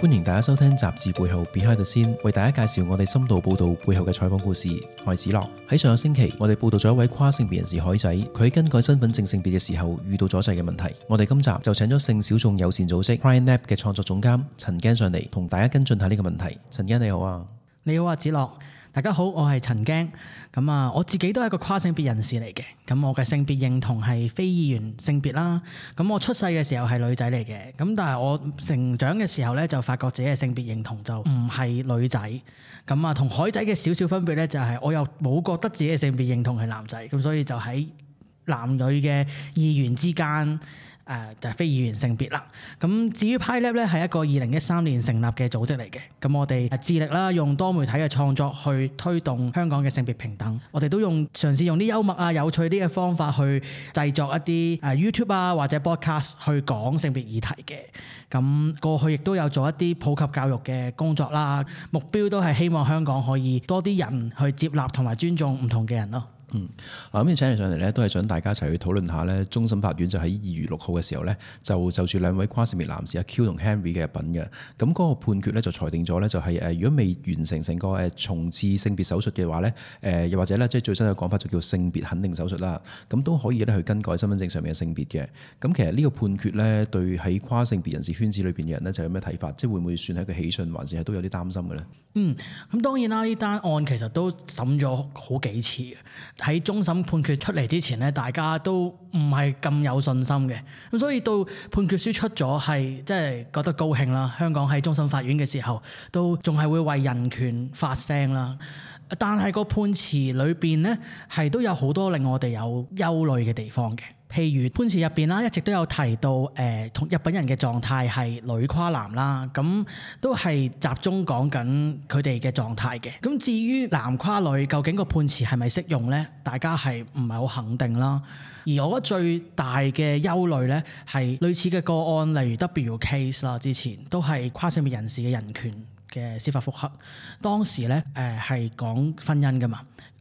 歡迎大家收聽集誌背後別開頭先，為大家介紹我哋深度報道背後嘅採訪故事。我係子樂喺上個星期，我哋報道咗一位跨性別人士海仔，佢更改身份證性別嘅時候遇到阻滯嘅問題。我哋今集就請咗性小眾友善組織 Pride Lab 嘅創作總監陳驚上嚟，同大家跟進下呢個問題。陳驚你好啊，你好啊，子樂。大家好，我係陳驚，咁啊，我自己都係一個跨性別人士嚟嘅，咁我嘅性別認同係非二元性別啦，咁我出世嘅時候係女仔嚟嘅，咁但係我成長嘅時候咧，就發覺自己嘅性別認同就唔係女仔，咁啊，同海仔嘅少少分別咧，就係我又冇覺得自己嘅性別認同係男仔，咁所以就喺男女嘅二元之間。誒、呃、就係、是、非二元性別啦。咁至於 Pride Lab 咧，係一個二零一三年成立嘅組織嚟嘅。咁我哋致力啦，用多媒體嘅創作去推動香港嘅性別平等。我哋都用嘗試用啲幽默啊、有趣啲嘅方法去製作一啲誒、呃、YouTube 啊或者 Podcast 去講性別議題嘅。咁過去亦都有做一啲普及教育嘅工作啦。目標都係希望香港可以多啲人去接納同埋尊重唔同嘅人咯。嗯，嗱咁要請你上嚟咧，都係想大家一齊去討論下咧。終審法院就喺二月六號嘅時候咧，就就住兩位跨性別男士阿 Q 同 Henry 嘅品嘅，咁嗰個判決咧就裁定咗咧，就係誒如果未完成成個誒重置性別手術嘅話咧，誒又或者咧即係最新嘅講法就叫性別肯定手術啦，咁都可以咧去更改身份證上面嘅性別嘅。咁其實呢個判決咧，對喺跨性別人士圈子裏邊嘅人咧，就有咩睇法？即係會唔會算係一個喜訊，還是係都有啲擔心嘅咧？嗯，咁、嗯、當然啦，呢單案其實都審咗好幾次嘅。喺終審判決出嚟之前咧，大家都唔係咁有信心嘅，咁所以到判決書出咗，係真係覺得高興啦。香港喺終審法院嘅時候，都仲係會為人權發聲啦。但係個判詞裏邊咧，係都有好多令我哋有憂慮嘅地方嘅。譬如判詞入邊啦，一直都有提到誒同、呃、日本人嘅狀態係女跨男啦，咁、嗯、都係集中講緊佢哋嘅狀態嘅。咁、嗯、至於男跨女，究竟個判詞係咪適用咧？大家係唔係好肯定啦？而我覺得最大嘅憂慮咧，係類似嘅個案，例如 W case 啦，之前都係跨性別人士嘅人權嘅司法覆核，當時咧誒係講婚姻㗎嘛。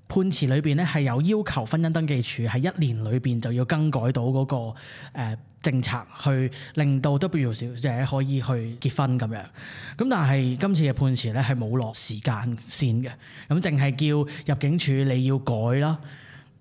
判詞裏邊咧係有要求婚姻登記處喺一年裏邊就要更改到嗰、那個、呃、政策，去令到 W 小姐可以去結婚咁樣。咁但係今次嘅判詞咧係冇落時間線嘅，咁淨係叫入境處你要改啦。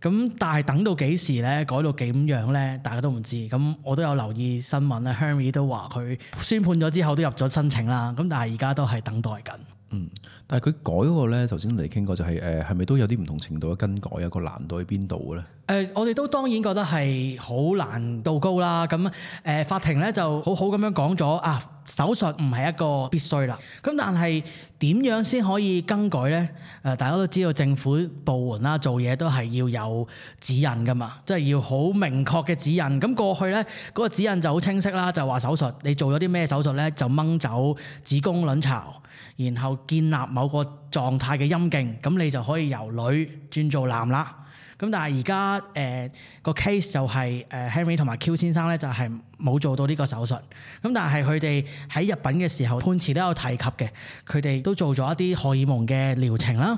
咁但係等到幾時咧，改到幾咁樣咧，大家都唔知。咁我都有留意新聞啦，Henry 都話佢宣判咗之後都入咗申請啦。咁但係而家都係等待緊。嗯，但係佢改嗰個咧，頭先嚟傾過、就是，就係誒係咪都有啲唔同程度嘅更改啊？一個難度喺邊度咧？誒、呃，我哋都當然覺得係好難度高啦。咁誒、呃、法庭咧就好好咁樣講咗啊，手術唔係一個必須啦。咁但係點樣先可以更改咧？誒、呃，大家都知道政府部門啦，做嘢都係要有指引噶嘛，即、就、係、是、要好明確嘅指引。咁過去咧嗰、那個指引就好清晰啦，就話手術你做咗啲咩手術咧，就掹走子宮卵巢。然後建立某個狀態嘅陰莖，咁你就可以由女轉做男啦。咁但係而家誒個 case 就係、是呃、Henry 同埋 Q 先生呢，就係、是。冇做到呢個手術，咁但係佢哋喺入禀嘅時候判詞都有提及嘅，佢哋都做咗一啲荷爾蒙嘅療程啦，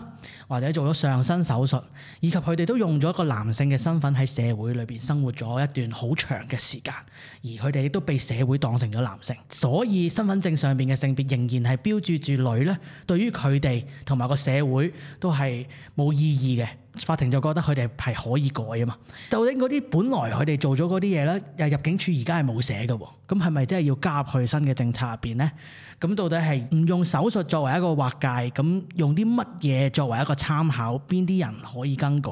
或者做咗上身手術，以及佢哋都用咗一個男性嘅身份喺社會裏邊生活咗一段好長嘅時間，而佢哋亦都被社會當成咗男性，所以身份證上邊嘅性別仍然係標注住女咧，對於佢哋同埋個社會都係冇意義嘅。法庭就覺得佢哋係可以改啊嘛，究竟嗰啲本來佢哋做咗嗰啲嘢咧，又入境處而家係冇寫嘅喎，咁係咪真係要加入佢新嘅政策入邊呢？咁到底係唔用手術作為一個劃界，咁用啲乜嘢作為一個參考？邊啲人可以更改，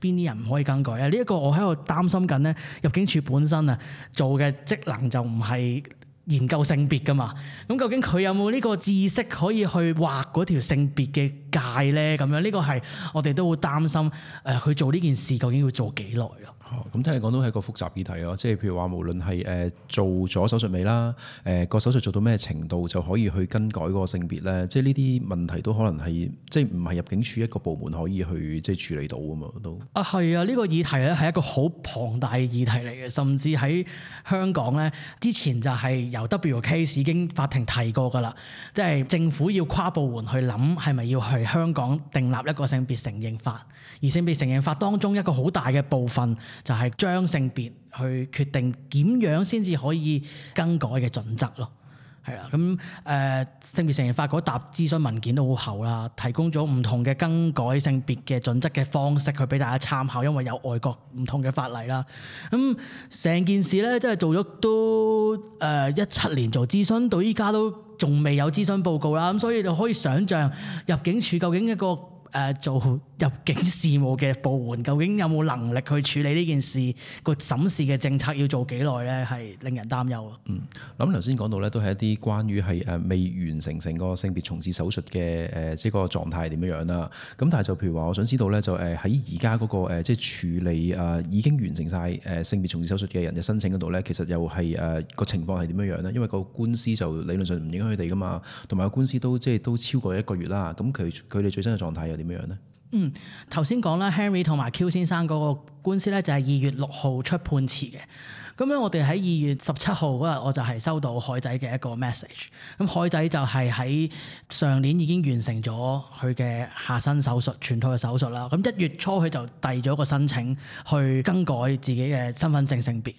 邊啲人唔可以更改啊？呢一個我喺度擔心緊咧，入境處本身啊做嘅職能就唔係研究性別噶嘛，咁究竟佢有冇呢個知識可以去畫嗰條性別嘅界咧咁樣，呢個係我哋都會擔心誒，去、呃、做呢件事究竟要做幾耐咯？咁、哦、聽你講到係一個複雜議題咯，即係譬如話，無論係誒、呃、做咗手術未啦，誒、呃、個手術做到咩程度就可以去更改個性別咧？即係呢啲問題都可能係即係唔係入境處一個部門可以去即係處理到啊嘛都啊係啊！呢、啊呢個議題咧係一個好龐大嘅議題嚟嘅，甚至喺香港咧之前就係由 W case 已經法庭提過噶啦，即係政府要跨部門去諗係咪要去。香港訂立一個性別承認法，而性別承認法當中一個好大嘅部分就係將性別去決定點樣先至可以更改嘅準則咯。係啦，咁誒、嗯、性別認證法嗰沓諮詢文件都好厚啦，提供咗唔同嘅更改性別嘅準則嘅方式，去俾大家參考，因為有外國唔同嘅法例啦。咁、嗯、成件事咧，真係做咗都誒一七年做諮詢，到依家都仲未有諮詢報告啦。咁、嗯、所以就可以想像入境處究竟一個。誒做入境事務嘅部門，究竟有冇能力去處理呢件事？個審視嘅政策要做幾耐咧？係令人擔憂嘅。嗯，諗頭先講到咧，都係一啲關於係誒未完成成個性別重置手術嘅誒、呃，即係個狀態係點樣樣啦。咁但係就譬如話，我想知道咧，就誒喺而家嗰個即係處理啊、呃、已經完成晒誒性別重置手術嘅人嘅申請嗰度咧，其實又係誒個情況係點樣樣咧？因為個官司就理論上唔影響佢哋噶嘛，同埋個官司都即係都超過一個月啦。咁佢佢哋最新嘅狀態啊，點樣呢？嗯，頭先講啦，Henry 同埋 Q 先生嗰個官司咧，就係二月六號出判詞嘅。咁樣我哋喺二月十七號嗰日，我就係收到海仔嘅一個 message。咁海仔就係喺上年已經完成咗佢嘅下身手術、全套嘅手術啦。咁一月初佢就遞咗個申請去更改自己嘅身份證性別。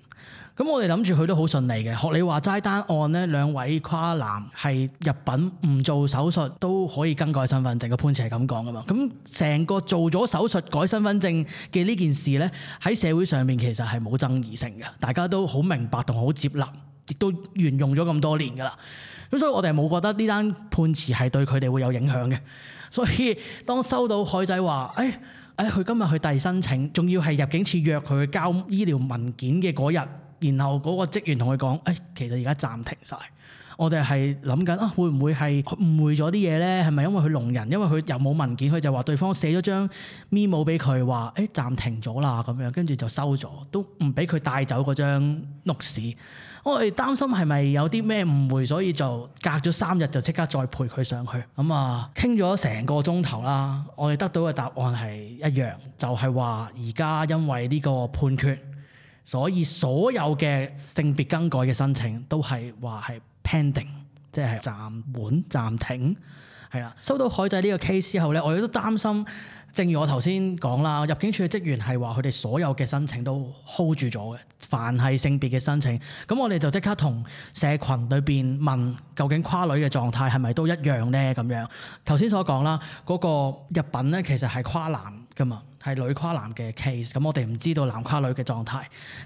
咁我哋諗住佢都好順利嘅。學你話齋單案呢，兩位跨男係入稟唔做手術都可以更改身份證嘅判詞係咁講㗎嘛。咁成個做咗手術改身份證嘅呢件事呢，喺社會上面其實係冇爭議性嘅，大家都好明白同好接納，亦都沿用咗咁多年噶啦。咁所以我哋冇覺得呢單判詞係對佢哋會有影響嘅。所以當收到海仔話，誒、哎、誒，佢、哎、今日去遞申請，仲要係入境處約佢去交醫療文件嘅嗰日，然後嗰個職員同佢講，誒、哎，其實而家暫停晒。我哋係諗緊啊，會唔會係誤會咗啲嘢咧？係咪因為佢聾人？因為佢又冇文件，佢就話對方寫咗張 memo 俾佢話，誒暫停咗啦，咁樣跟住就收咗，都唔俾佢帶走嗰張錄事。我哋擔心係咪有啲咩誤會，所以就隔咗三日就即刻再陪佢上去咁、嗯、啊，傾咗成個鐘頭啦。我哋得到嘅答案係一樣，就係話而家因為呢個判決，所以所有嘅性別更改嘅申請都係話係。hanging，即係暫緩、暫停，係啦。收到海仔呢個 case 之後咧，我亦都擔心。正如我頭先講啦，入境處嘅職員係話佢哋所有嘅申請都 hold 住咗嘅。凡係性別嘅申請，咁我哋就即刻同社群裏邊問，究竟跨女嘅狀態係咪都一樣咧？咁樣頭先所講啦，嗰、嗰個入品咧，其實係跨男㗎嘛，係女跨男嘅 case。咁我哋唔知道男跨女嘅狀態，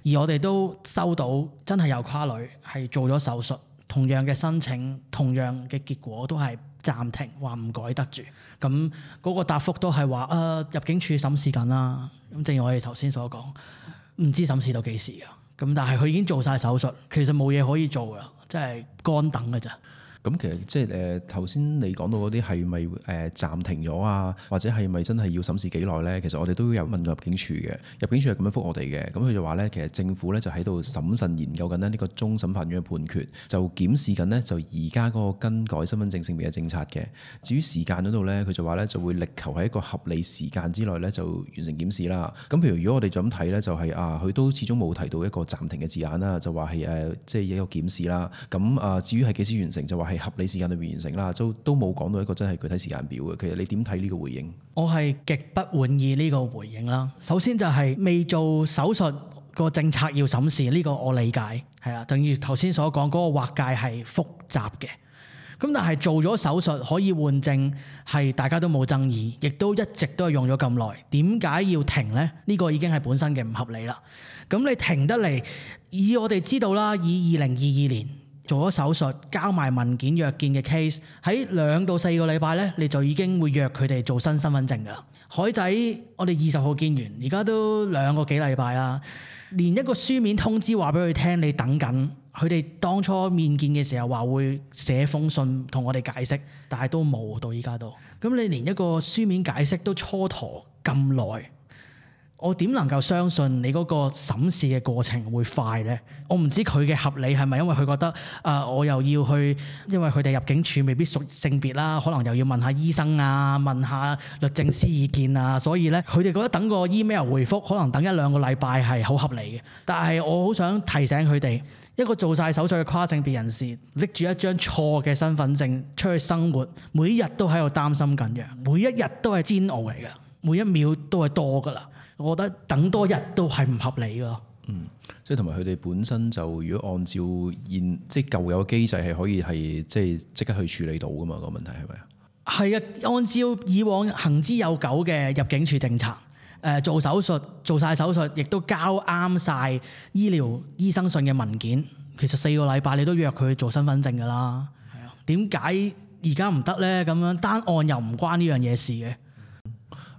而我哋都收到真係有跨女係做咗手術。同樣嘅申請，同樣嘅結果都係暫停，話唔改得住。咁嗰、嗰個答覆都係話，誒、呃、入境處審視緊啦。咁正如我哋頭先所講，唔知審視到幾時㗎。咁但係佢已經做晒手術，其實冇嘢可以做㗎，即係乾等㗎咋。咁、嗯、其實即係誒頭先你講到嗰啲係咪誒暫停咗啊？或者係咪真係要審視幾耐咧？其實我哋都有問過入境處嘅，入境處係咁樣覆我哋嘅。咁、嗯、佢就話咧，其實政府咧就喺度審慎研究緊咧呢、呢個終審法院嘅判決，就檢視緊呢就而家嗰個更改身份證性別嘅政策嘅。至於時間嗰度咧，佢就話咧就會力求喺一個合理時間之內咧就完成檢視啦。咁、嗯、譬如如果我哋就咁睇咧，就係、是、啊佢都始終冇提到一個暫停嘅字眼啦，就話係誒即係一個檢視啦。咁、嗯、啊至於係幾時完成，就話係合理時間裏面完成啦，都都冇講到一個真係具體時間表嘅。其實你點睇呢個回應？我係極不滿意呢個回應啦。首先就係未做手術個政策要審視，呢個我理解係啦。正如頭先所講，嗰個劃界係複雜嘅。咁但係做咗手術可以換證，係大家都冇爭議，亦都一直都係用咗咁耐。點解要停呢？呢個已經係本身嘅唔合理啦。咁你停得嚟？以我哋知道啦，以二零二二年。做咗手術，交埋文件約見嘅 case，喺兩到四個禮拜呢，你就已經會約佢哋做新身份證噶啦。海仔，我哋二十號見完，而家都兩個幾禮拜啦，連一個書面通知話俾佢聽，你等緊。佢哋當初面見嘅時候話會寫封信同我哋解釋，但係都冇到而家都。咁你連一個書面解釋都蹉跎咁耐。我點能夠相信你嗰個審視嘅過程會快呢？我唔知佢嘅合理係咪因為佢覺得啊、呃，我又要去，因為佢哋入境處未必屬性別啦，可能又要問下醫生啊，問下律政司意見啊，所以呢，佢哋覺得等個 email 回覆，可能等一兩個禮拜係好合理嘅。但係我好想提醒佢哋，一個做晒手術嘅跨性別人士拎住一張錯嘅身份證出去生活，每一日都喺度擔心緊嘅，每一日都係煎熬嚟㗎，每一秒都係多㗎啦。我覺得等多日都係唔合理咯。嗯，即係同埋佢哋本身就如果按照現即係舊有機制係可以係即係即刻去處理到噶嘛，個問題係咪啊？係啊，按照以往行之有久嘅入境處政策，誒、呃、做手術做晒手術，亦都交啱晒醫療醫生信嘅文件，其實四個禮拜你都約佢做身份證㗎啦。係啊，點解而家唔得咧？咁樣單案又唔關呢樣嘢事嘅。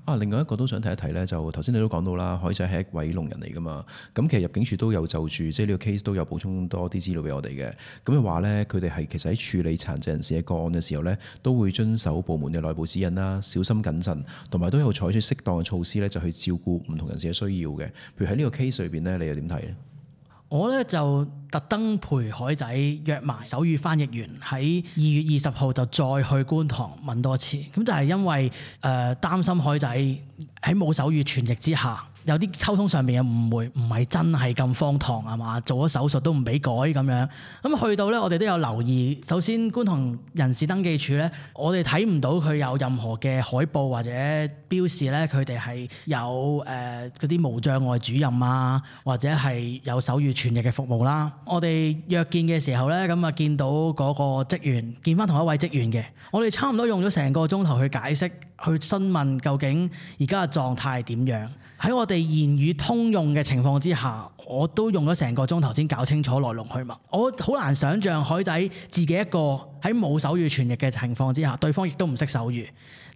啊，另外一個都想提一提呢，就頭先你都講到啦，海仔係一位聾人嚟噶嘛，咁、嗯、其實入境處都有就住，即係呢個 case 都有補充多啲資料俾我哋嘅，咁又話呢，佢哋係其實喺處理殘疾人士嘅個案嘅時候呢，都會遵守部門嘅內部指引啦，小心謹慎，同埋都有採取適當嘅措施呢，就去照顧唔同人士嘅需要嘅，譬如喺呢個 case 裏邊呢，你又點睇呢？我咧就特登陪海仔約埋手語翻譯員，喺二月二十號就再去觀塘問多次，咁就係因為呃、擔心海仔喺冇手語傳譯之下。有啲溝通上面嘅誤會唔係真係咁荒唐係嘛？做咗手術都唔俾改咁樣。咁去到呢，我哋都有留意。首先，觀塘人事登記處呢，我哋睇唔到佢有任何嘅海報或者標示呢，佢哋係有誒嗰啲無障礙主任啊，或者係有手語全日嘅服務啦、啊。我哋約見嘅時候呢，咁啊見到嗰個職員，見翻同一位職員嘅。我哋差唔多用咗成個鐘頭去解釋。去詢問究竟而家嘅狀態點樣？喺我哋言語通用嘅情況之下，我都用咗成個鐘頭先搞清楚來龍去脈。我好難想象海仔自己一個喺冇手語傳譯嘅情況之下，對方亦都唔識手語，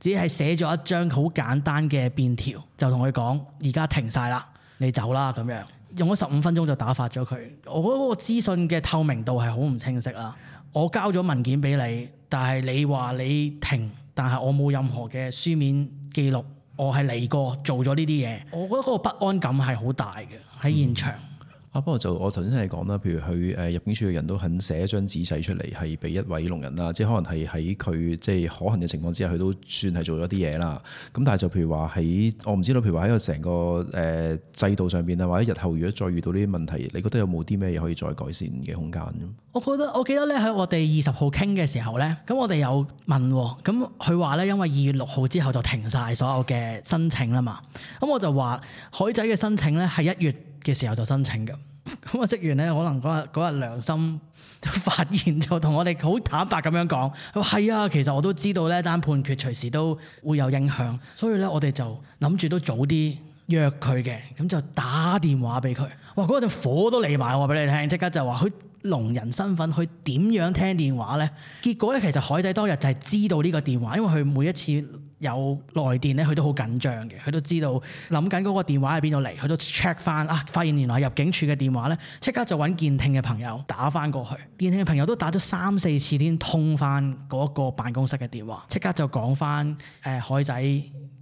只係寫咗一張好簡單嘅便條，就同佢講而家停晒啦，你走啦咁樣。用咗十五分鐘就打發咗佢。我覺得嗰個資訊嘅透明度係好唔清晰喇！我交咗文件俾你，但係你話你停。但係我冇任何嘅書面記錄，我係嚟過做咗呢啲嘢，我覺得嗰個不安感係好大嘅，喺現場、嗯。啊，不過就我頭先係講啦，譬如佢誒入境處嘅人都肯寫一張紙仔出嚟，係俾一位聾人啦，即係可能係喺佢即係可行嘅情況之下，佢都算係做咗啲嘢啦。咁但係就譬如話喺我唔知道，譬如話喺個成個誒制度上邊啊，或者日後如果再遇到呢啲問題，你覺得有冇啲咩嘢可以再改善嘅空間？我覺得我記得咧，喺我哋二十號傾嘅時候咧，咁我哋有問，咁佢話咧因為二月六號之後就停晒所有嘅申請啦嘛，咁我就話海仔嘅申請咧係一月嘅時候就申請嘅，咁個職員咧可能嗰日嗰日良心發現就同我哋好坦白咁樣講，佢話係啊，其實我都知道呢單判決隨時都會有影響，所以咧我哋就諗住都早啲約佢嘅，咁就打電話俾佢，哇，嗰陣、那個、火都嚟埋，我話俾你聽，即刻就話佢。聾人身份去點樣聽電話咧？結果咧，其實海仔當日就係知道呢個電話，因為佢每一次有來電咧，佢都好緊張嘅，佢都知道諗緊嗰個電話喺邊度嚟，佢都 check 翻啊，發現原來入境處嘅電話咧，即刻就揾健聽嘅朋友打翻過去，健聽嘅朋友都打咗三四次先通翻嗰個辦公室嘅電話，即刻就講翻誒海仔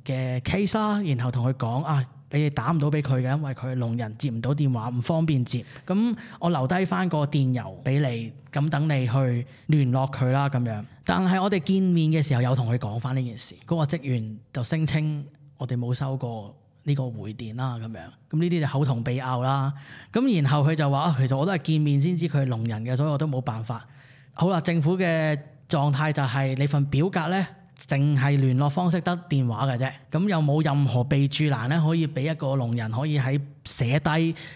嘅 case 啦，然後同佢講啊。你哋打唔到俾佢嘅，因為佢係聾人接唔到電話，唔方便接。咁我留低翻個電郵俾你，咁等你去聯絡佢啦。咁樣，但係我哋見面嘅時候有同佢講翻呢件事，嗰、那個職員就聲稱我哋冇收過呢個回電啦。咁樣，咁呢啲就口同鼻拗啦。咁然後佢就話其實我都係見面先知佢係聾人嘅，所以我都冇辦法。好啦，政府嘅狀態就係、是、你份表格咧。淨係聯絡方式得電話嘅啫，咁又冇任何備註欄咧，可以俾一個聾人可以喺寫低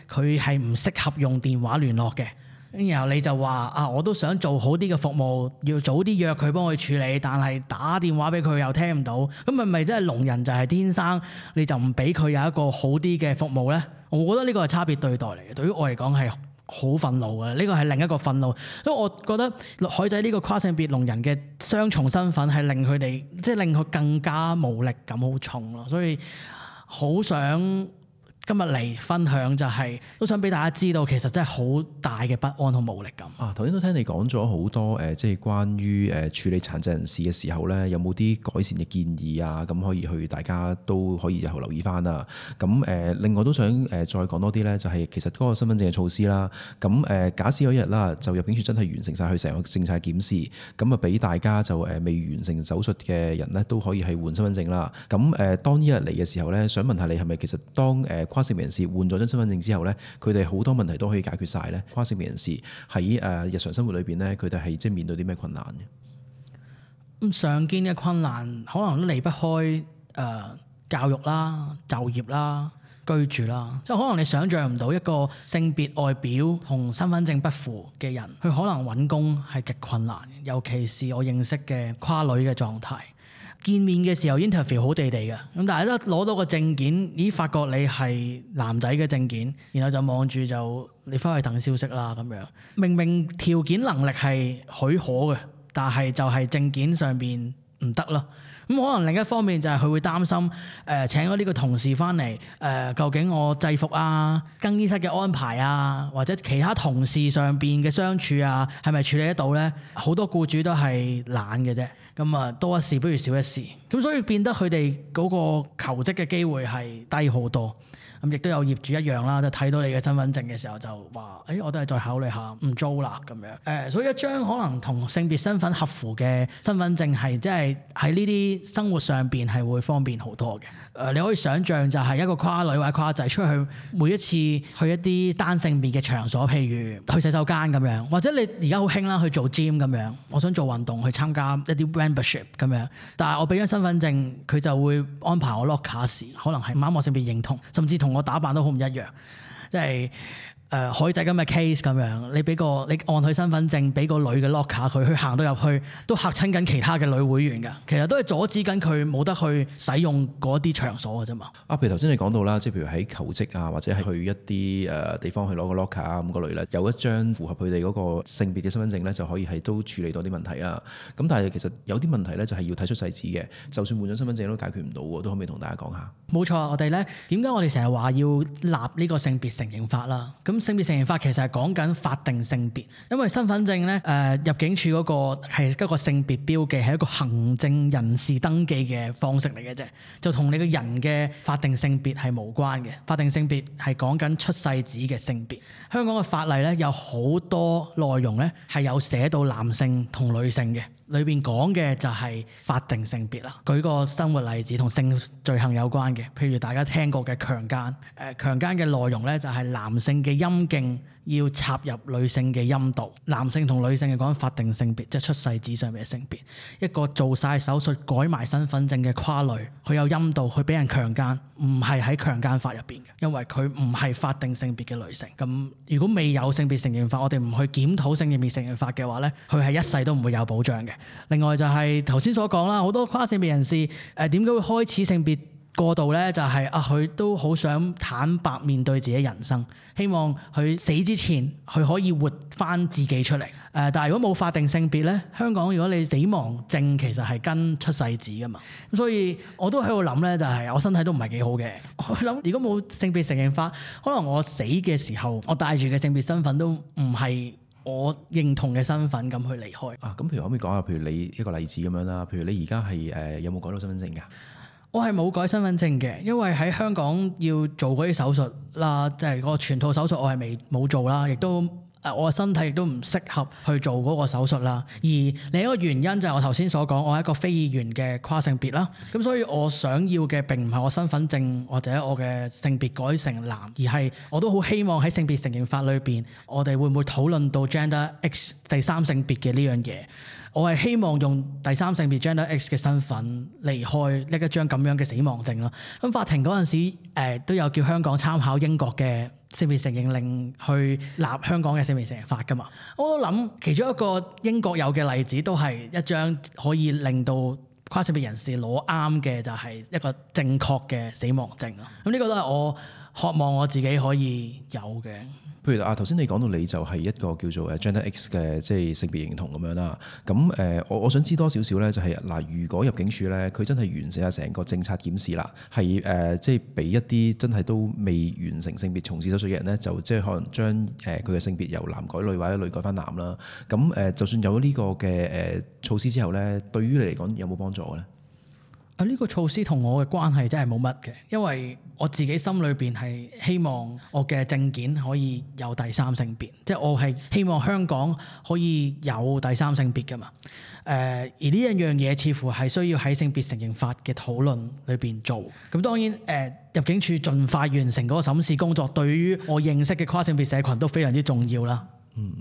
佢係唔適合用電話聯絡嘅。然後你就話啊，我都想做好啲嘅服務，要早啲約佢幫佢處理，但係打電話俾佢又聽唔到，咁係咪真係聾人就係天生你就唔俾佢有一個好啲嘅服務咧？我覺得呢個係差別對待嚟嘅，對於我嚟講係。好憤怒啊，呢個係另一個憤怒，所以我覺得海仔呢個跨性別聾人嘅雙重身份係令佢哋即係令佢更加無力感好重咯，所以好想。今日嚟分享就係、是、都想俾大家知道，其實真係好大嘅不安同無力感。啊，頭先都聽你講咗好多誒，即、呃、係、就是、關於誒處理殘疾人士嘅時候咧，有冇啲改善嘅建議啊？咁可以去大家都可以以後留意翻啊。咁誒、呃，另外都想誒、呃、再講多啲咧，就係、是、其實嗰個身份證嘅措施啦。咁誒、呃，假使有一日啦，就入境處真係完成晒，佢成個政策檢視，咁啊俾大家就誒、呃、未完成手術嘅人咧，都可以係換身份證啦。咁誒、呃，當一日嚟嘅時候咧，想問下你係咪其實當誒？呃跨性別人士換咗張身份證之後咧，佢哋好多問題都可以解決晒咧？跨性別人士喺誒日常生活裏邊咧，佢哋係即係面對啲咩困難嘅？咁常見嘅困難可能都離不開誒、呃、教育啦、就業啦、居住啦，即係可能你想象唔到一個性別外表同身份證不符嘅人，佢可能揾工係極困難，尤其是我認識嘅跨女嘅狀態。見面嘅時候 interview 好地地嘅，咁但係一攞到個證件，咦，發覺你係男仔嘅證件，然後就望住就你翻去等消息啦咁樣。明明條件能力係許可嘅，但係就係證件上面唔得咯。咁可能另一方面就係佢會擔心，誒、呃、請咗呢個同事翻嚟，誒、呃、究竟我制服啊、更衣室嘅安排啊，或者其他同事上邊嘅相處啊，係咪處理得到咧？好多僱主都係懶嘅啫，咁啊多一事不如少一事，咁所以變得佢哋嗰個求職嘅機會係低好多。咁亦都有業主一樣啦，就睇到你嘅身份證嘅時候就話誒、哎、我都係再考慮下，唔租啦咁樣，誒、呃、所以一張可能同性別身份合符嘅身份證係即係喺呢啲生活上邊係會方便好多嘅。誒、呃、你可以想象就係一個跨女或者跨仔出去，每一次去一啲單性別嘅場所，譬如去洗手間咁樣，或者你而家好興啦，去做 gym 咁樣，我想做運動去參加一啲 membership 咁樣，但係我俾張身份證佢，就會安排我 l o 攞卡時可能係某啲性別認同，甚至同。同我打扮都好唔一樣，即係。誒、呃、海仔咁嘅 case 咁樣，你俾個你按佢身份證俾個女嘅 locker 佢，去行到入去都嚇親緊其他嘅女會員嘅，其實都係阻止緊佢冇得去使用嗰啲場所嘅啫嘛。啊，譬如頭先你講到啦，即係譬如喺求職啊，或者係去一啲誒地方去攞個 locker 啊咁嗰類咧，有一張符合佢哋嗰個性別嘅身份證咧，就可以係都處理到啲問題啊。咁但係其實有啲問題咧，就係、是、要睇出細節嘅，就算換咗身份證都解決唔到喎，都可唔可以同大家講下？冇錯，我哋咧點解我哋成日話要立呢個性別承認法啦？咁性別承認法其實係講緊法定性別，因為身份證咧誒、呃、入境處嗰個係一個性別標記，係一個行政人事登記嘅方式嚟嘅啫，就同你個人嘅法定性別係無關嘅。法定性別係講緊出世紙嘅性別。香港嘅法例咧，有好多內容咧係有寫到男性同女性嘅，裏邊講嘅就係法定性別啦。舉個生活例子，同性罪行有關嘅，譬如大家聽過嘅強姦，誒，強姦嘅內容咧就係男性嘅陰陰莖要插入女性嘅陰道，男性同女性嘅講法定性別，即係出世紙上面嘅性別。一個做晒手術改埋身份證嘅跨女，佢有陰道，佢俾人強姦，唔係喺強姦法入邊嘅，因為佢唔係法定性別嘅女性。咁如果未有性別承認法，我哋唔去檢討性別承認法嘅話咧，佢係一世都唔會有保障嘅。另外就係頭先所講啦，好多跨性別人士誒，點解會開始性別過度咧，就係啊，佢都好想坦白面對自己人生，希望佢死之前，佢可以活翻自己出嚟。誒、呃，但係如果冇法定性別咧，香港如果你死亡證其實係跟出世紙噶嘛，所以我都喺度諗咧，就係我身體都唔係幾好嘅。我諗如果冇性別承認法，可能我死嘅時候，我帶住嘅性別身份都唔係我認同嘅身份咁去離開。啊，咁譬如可唔可以講下，譬如你一個例子咁樣啦？譬如你而家係誒有冇改到身份證㗎？我係冇改身份證嘅，因為喺香港要做嗰啲手術啦，即係個全套手術我係未冇做啦，亦都我身體亦都唔適合去做嗰個手術啦。而另一個原因就係我頭先所講，我係一個非二元嘅跨性別啦，咁所以我想要嘅並唔係我身份證或者我嘅性別改成男，而係我都好希望喺性別承認法裏邊，我哋會唔會討論到 gender x 第三性別嘅呢樣嘢？我係希望用第三性別 gender X 嘅身份離開呢一張咁樣嘅死亡證咯。咁法庭嗰陣時，呃，都有叫香港參考英國嘅性別承認令去立香港嘅性別承認法噶嘛。我都諗其中一個英國有嘅例子都係一張可以令到跨性別人士攞啱嘅，就係一個正確嘅死亡證咯。咁呢個都係我。渴望我自己可以有嘅，譬如啊，頭先你講到你就係一個叫做誒 gender x 嘅即係性別認同咁樣啦。咁誒，我、呃、我想知多少少咧、就是，就係嗱，如果入境處咧，佢真係完成晒成個政策檢視啦，係誒、呃、即係俾一啲真係都未完成性別重置手術嘅人咧，就即係可能將誒佢嘅性別由男改女或者女改翻男啦。咁、啊、誒、啊，就算有呢個嘅誒、呃、措施之後咧，對於你嚟講有冇幫助咧？呢個措施同我嘅關係真係冇乜嘅，因為我自己心裏邊係希望我嘅證件可以有第三性別，即係我係希望香港可以有第三性別噶嘛。誒，而呢一樣嘢似乎係需要喺性別承認法嘅討論裏邊做。咁當然誒，入境處盡快完成嗰個審視工作，對於我認識嘅跨性別社群都非常之重要啦。嗯。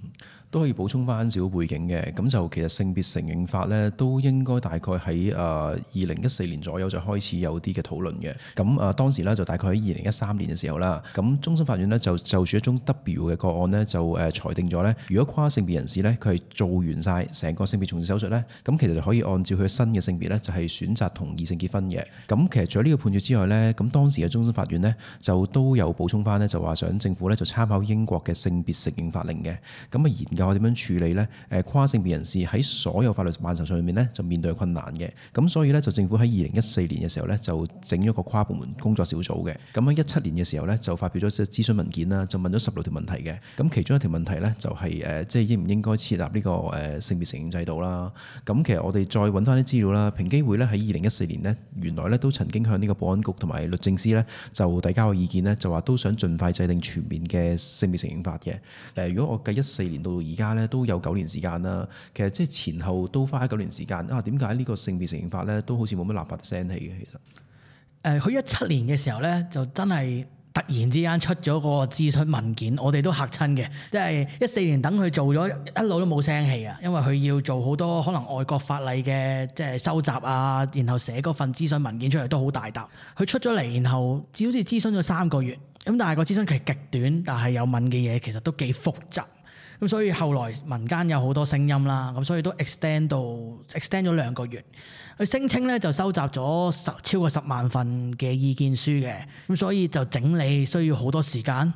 都可以補充翻少少背景嘅，咁就其實性別承認法咧都應該大概喺誒二零一四年左右就開始有啲嘅討論嘅。咁啊、呃、當時咧就大概喺二零一三年嘅時候啦，咁終審法院咧就就住一宗 W 嘅個案咧就誒、呃、裁定咗咧，如果跨性別人士咧佢係做完晒成個性別重置手術咧，咁其實就可以按照佢新嘅性別咧就係、是、選擇同異性結婚嘅。咁其實除咗呢個判決之外咧，咁當時嘅終審法院咧就都有補充翻咧，就話想政府咧就參考英國嘅性別承認法令嘅。咁啊然。我點樣處理呢？誒、呃、跨性別人士喺所有法律範疇上面呢，就面對困難嘅。咁所以呢，就政府喺二零一四年嘅時候呢，就整咗個跨部門工作小組嘅。咁喺一七年嘅時候呢，就發表咗即係諮詢文件啦，就問咗十六條問題嘅。咁其中一條問題呢，就係、是、誒、呃，即係應唔應該設立呢、這個誒、呃、性別承認制度啦。咁其實我哋再揾翻啲資料啦，平機會呢，喺二零一四年呢，原來呢都曾經向呢個保安局同埋律政司呢，就提交個意見呢，就話都想盡快制定全面嘅性別承認法嘅。誒、呃，如果我計一四年到。而家咧都有九年時間啦，其實即係前後都花咗九年時間。啊，點解呢個性別承認法咧都好似冇乜立法聲氣嘅？其實，誒、呃，佢一七年嘅時候咧就真係突然之間出咗個諮詢文件，我哋都嚇親嘅。即係一四年等佢做咗一路都冇聲氣啊，因為佢要做好多可能外國法例嘅即係收集啊，然後寫嗰份諮詢文件出嚟都好大膽。佢出咗嚟，然後只好似諮詢咗三個月，咁但係個諮詢期極短，但係有問嘅嘢其實都幾複雜。咁所以後來民間有好多聲音啦，咁所以都 extend 到 extend 咗兩個月。佢聲稱咧就收集咗十超過十萬份嘅意見書嘅，咁所以就整理需要好多時間。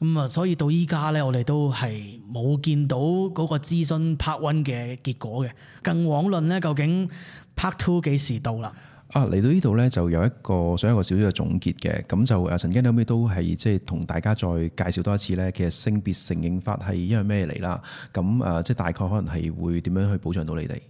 咁啊，所以到依家咧，我哋都係冇見到嗰個諮詢 part one 嘅結果嘅，更遑論咧究竟 part two 幾時到啦？啊，嚟到呢度呢，就有一個想一個小小嘅總結嘅，咁就誒、啊、曾經後尾都係即係同大家再介紹多一次呢。其實性別承認法係因為咩嚟啦？咁、啊、即大概可能係會點樣去保障到你哋？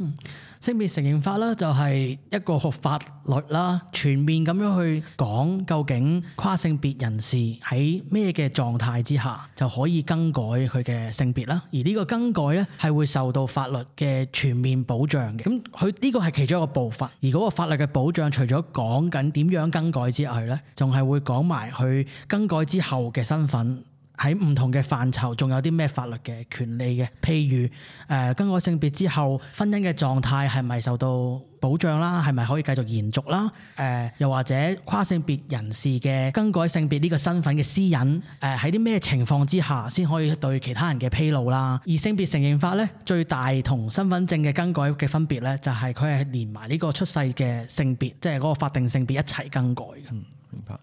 嗯，性別承認法啦，就係一個學法律啦，全面咁樣去講究竟跨性別人士喺咩嘅狀態之下就可以更改佢嘅性別啦，而呢個更改咧係會受到法律嘅全面保障嘅。咁佢呢個係其中一個部分，而嗰個法律嘅保障除咗講緊點樣更改之外咧，仲係會講埋佢更改之後嘅身份。喺唔同嘅範疇，仲有啲咩法律嘅權利嘅？譬如誒、呃、更改性別之後，婚姻嘅狀態係咪受到保障啦？係咪可以繼續延續啦？誒、呃、又或者跨性別人士嘅更改性別呢個身份嘅私隱誒，喺啲咩情況之下先可以對其他人嘅披露啦？而性別承認法咧，最大同身份證嘅更改嘅分別咧，就係佢係連埋呢個出世嘅性別，即係嗰個法定性別一齊更改嘅。明白、嗯。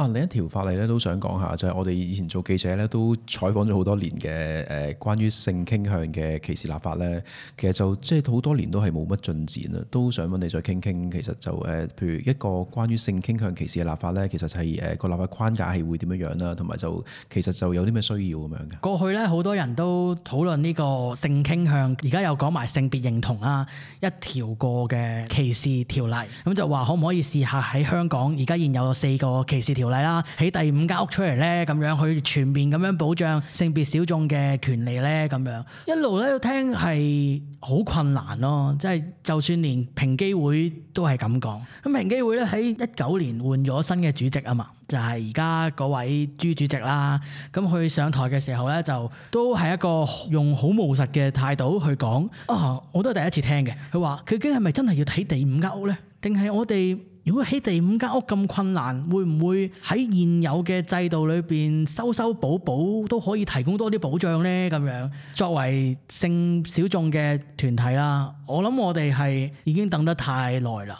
啊、另一條法例咧都想講下，就係、是、我哋以前做記者咧都採訪咗好多年嘅誒、呃，關於性傾向嘅歧視立法咧，其實就即係好多年都係冇乜進展啦。都想問你再傾傾，其實就誒、呃，譬如一個關於性傾向歧視嘅立法咧，其實係誒個立法框架係會點樣樣啦，同埋就其實就有啲咩需要咁樣嘅。過去咧好多人都討論呢個性傾向，而家又講埋性別認同啊，一條過嘅歧視條例，咁就話可唔可以試下喺香港而家現有四個歧視條？嚟啦，起第五間屋出嚟咧，咁樣去全面咁樣保障性別小眾嘅權利咧，咁樣一路咧都聽係好困難咯，即係就算連平機會都係咁講。咁平機會咧喺一九年換咗新嘅主席啊嘛，就係而家嗰位朱主席啦。咁佢上台嘅時候咧，就都係一個用好務實嘅態度去講。啊，我都係第一次聽嘅。佢話佢究竟係咪真係要睇第五間屋咧？定係我哋？如果喺第五間屋咁困難，會唔會喺現有嘅制度裏邊修修補補都可以提供多啲保障呢？咁樣作為性小眾嘅團體啦，我諗我哋係已經等得太耐啦，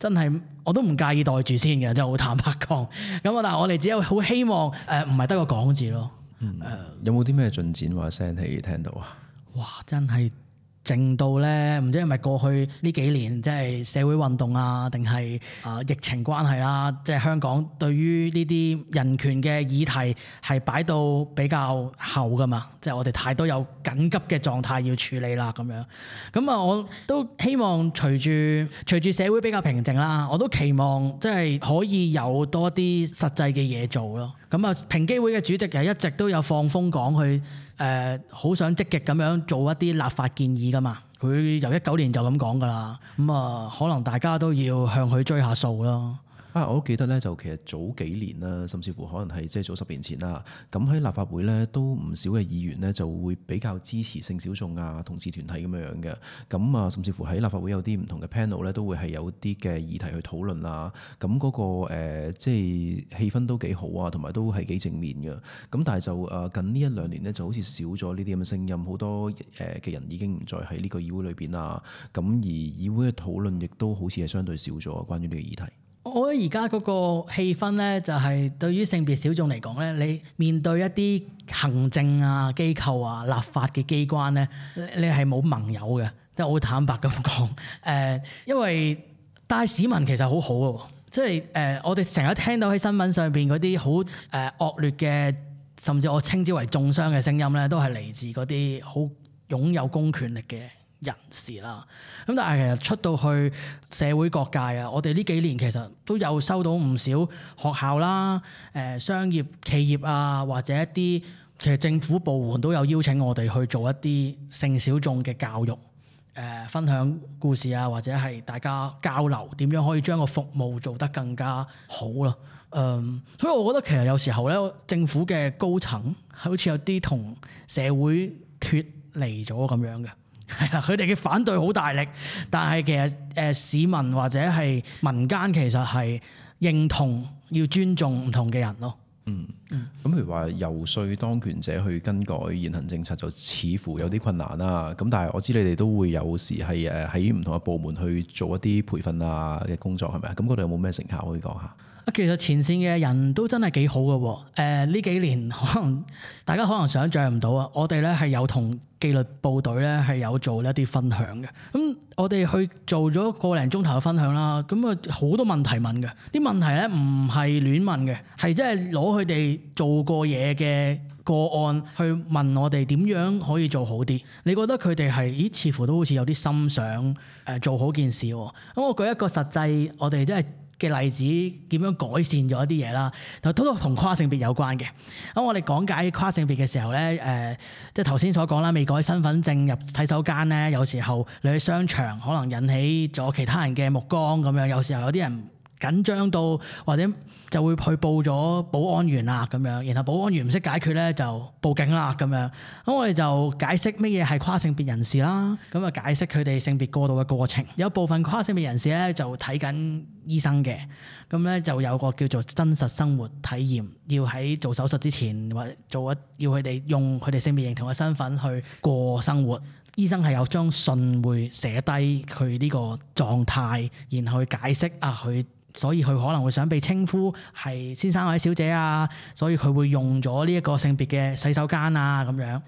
真係我都唔介意待住先嘅，真係好坦白講。咁啊，但係我哋只有好希望誒，唔係得個講字咯。誒、嗯，有冇啲咩進展話聲聽聽到啊、呃？哇！真係～靜到咧，唔知係咪過去呢幾年即係社會運動啊，定係啊疫情關係啦、啊，即係香港對於呢啲人權嘅議題係擺到比較後噶嘛，即係我哋太多有緊急嘅狀態要處理啦咁樣。咁啊，我都希望隨住隨住社會比較平靜啦，我都期望即係可以有多啲實際嘅嘢做咯。咁啊，平機會嘅主席其實一直都有放風講去。誒好、呃、想積極咁樣做一啲立法建議㗎嘛，佢由一九年就咁講㗎喇，咁、嗯、啊可能大家都要向佢追下數囉。我都記得咧，就其實早幾年啦，甚至乎可能係即係早十年前啦，咁喺立法會咧都唔少嘅議員咧就會比較支持性小眾啊、同志團體咁樣樣嘅。咁啊，甚至乎喺立法會有啲唔同嘅 panel 咧，都會係有啲嘅議題去討論啊。咁嗰個誒即係氣氛都幾好啊，同埋都係幾正面嘅。咁但係就誒近呢一兩年咧，就好似少咗呢啲咁嘅聲音，好多誒嘅人已經唔再喺呢個議會裏邊啊。咁而議會嘅討論亦都好似係相對少咗，關於呢個議題。我覺得而家嗰個氣氛咧，就係、是、對於性別小眾嚟講咧，你面對一啲行政啊、機構啊、立法嘅機關咧，你係冇盟友嘅，即係好坦白咁講。誒、呃，因為帶市民其實好好、啊、嘅，即係誒，我哋成日聽到喺新聞上邊嗰啲好誒惡劣嘅，甚至我稱之為中傷嘅聲音咧，都係嚟自嗰啲好擁有公權力嘅人士啦，咁但係其實出到去社會各界啊，我哋呢幾年其實都有收到唔少學校啦、誒、呃、商業企業啊，或者一啲其實政府部門都有邀請我哋去做一啲性小眾嘅教育、誒、呃、分享故事啊，或者係大家交流點樣可以將個服務做得更加好咯。嗯，所以我覺得其實有時候呢，政府嘅高層好似有啲同社會脱離咗咁樣嘅。係啦，佢哋嘅反對好大力，但係其實誒、呃、市民或者係民間其實係認同要尊重唔同嘅人咯。嗯，咁譬如話遊說當權者去更改現行政策，就似乎有啲困難啦。咁但係我知你哋都會有時係誒喺唔同嘅部門去做一啲培訓啊嘅工作，係咪啊？咁嗰度有冇咩成效可以講下？其實前線嘅人都真係幾好嘅喎、哦，呢、呃、幾年可能大家可能想像唔到啊，我哋咧係有同紀律部隊咧係有做一啲分享嘅，咁我哋去做咗個零鐘頭嘅分享啦，咁啊好多問題問嘅，啲問題咧唔係亂問嘅，係即係攞佢哋做過嘢嘅個案去問我哋點樣可以做好啲，你覺得佢哋係咦似乎都好似有啲心想誒、呃、做好件事喎、哦，咁我舉一個實際我哋即係。嘅例子點樣改善咗一啲嘢啦？就都同跨性別有關嘅。咁我哋講解跨性別嘅時候咧，誒、呃、即係頭先所講啦，未改身份證入洗手間咧，有時候你去商場可能引起咗其他人嘅目光咁樣，有時候有啲人。緊張到或者就會去報咗保安員啊咁樣，然後保安員唔識解決咧就報警啦咁樣。咁我哋就解釋乜嘢係跨性別人士啦，咁啊解釋佢哋性別過渡嘅過程。有部分跨性別人士咧就睇緊醫生嘅，咁咧就有個叫做真實生活體驗，要喺做手術之前或者做一要佢哋用佢哋性別認同嘅身份去過生活。醫生係有張信會寫低佢呢個狀態，然後去解釋啊，佢所以佢可能會想被稱呼係先生或者小姐啊，所以佢會用咗呢一個性別嘅洗手間啊咁樣。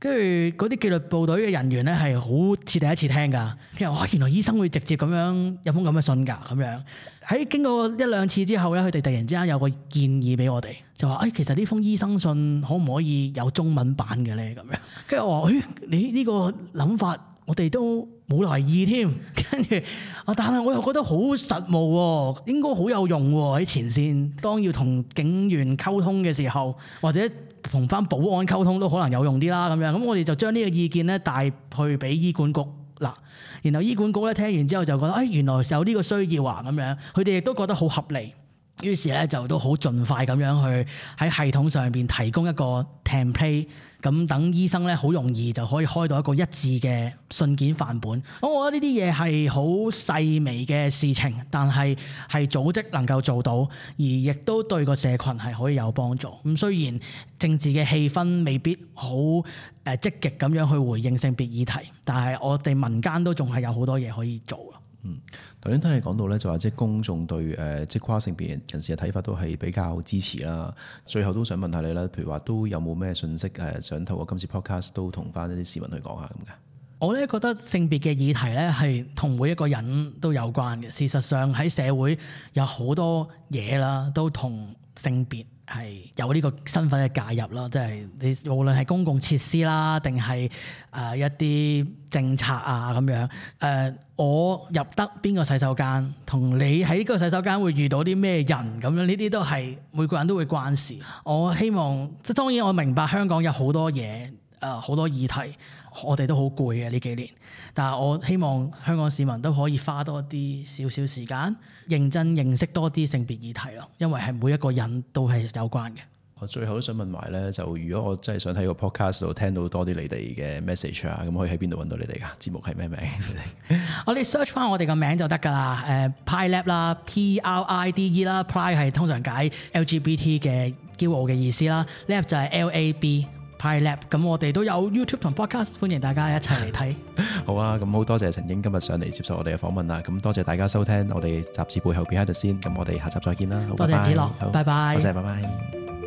跟住嗰啲紀律部隊嘅人員咧，係好似第一次聽㗎，因為哇，原來醫生會直接咁樣有封咁嘅信㗎咁樣。喺經過一兩次之後咧，佢哋突然之間有個建議俾我哋，就話誒、哎、其實呢封醫生信可唔可以有中文版嘅咧咁樣。跟住我話誒，你呢個諗法我哋都冇懷意添。跟住啊，但係我又覺得好實務喎、哦，應該好有用喎、哦、喺前線當要同警員溝通嘅時候或者。同翻保安溝通都可能有用啲啦，咁樣咁我哋就將呢個意見咧帶去俾醫管局嗱，然後醫管局咧聽完之後就覺得，哎，原來有呢個需要啊咁樣，佢哋亦都覺得好合理。於是咧就都好盡快咁樣去喺系統上邊提供一個 template，咁等醫生咧好容易就可以開到一個一致嘅信件範本。咁我覺得呢啲嘢係好細微嘅事情，但係係組織能夠做到，而亦都對個社群係可以有幫助。咁雖然政治嘅氣氛未必好誒積極咁樣去回應性別議題，但係我哋民間都仲係有好多嘢可以做咯。嗯。頭先聽你講到咧，就話即係公眾對誒即係跨性別人，人士嘅睇法都係比較支持啦。最後都想問下你啦，譬如話都有冇咩信息誒、呃，想透過今次 podcast 都同返一啲市民去講下咁嘅？我咧覺得性別嘅議題咧係同每一個人都有關嘅。事實上喺社會有好多嘢啦，都同性別。係有呢個身份嘅介入啦，即係你無論係公共設施啦，定係誒一啲政策啊咁樣，誒，我入得邊個洗手間，同你喺呢個洗手間會遇到啲咩人咁樣，呢啲都係每個人都會關事。我希望即係當然我明白香港有好多嘢誒，好多議題。我哋都好攰嘅呢幾年，但係我希望香港市民都可以花多啲少少時間，認真認識多啲性別議題咯，因為係每一個人都係有關嘅。我最後都想問埋咧，就如果我真係想喺個 podcast 度聽到多啲你哋嘅 message 啊，咁可以喺邊度揾到你哋噶？節目係咩名？ 我哋 search 翻我哋個名就得噶啦。誒、呃、Pride Lab 啦，P-R-I-D-E 啦，Pride 係通常解 LGBT 嘅驕傲嘅意思啦，Lab 就係 L-A-B。A B, Pride Lab，咁我哋都有 YouTube 同 Podcast，歡迎大家一齊嚟睇。 好啊，咁好多謝陳驚今日上嚟接受我哋嘅訪問啦，咁多謝大家收聽我哋《集誌背後》嘅開度先，咁我哋下集再見啦。多謝子樂，拜拜。多謝，拜拜。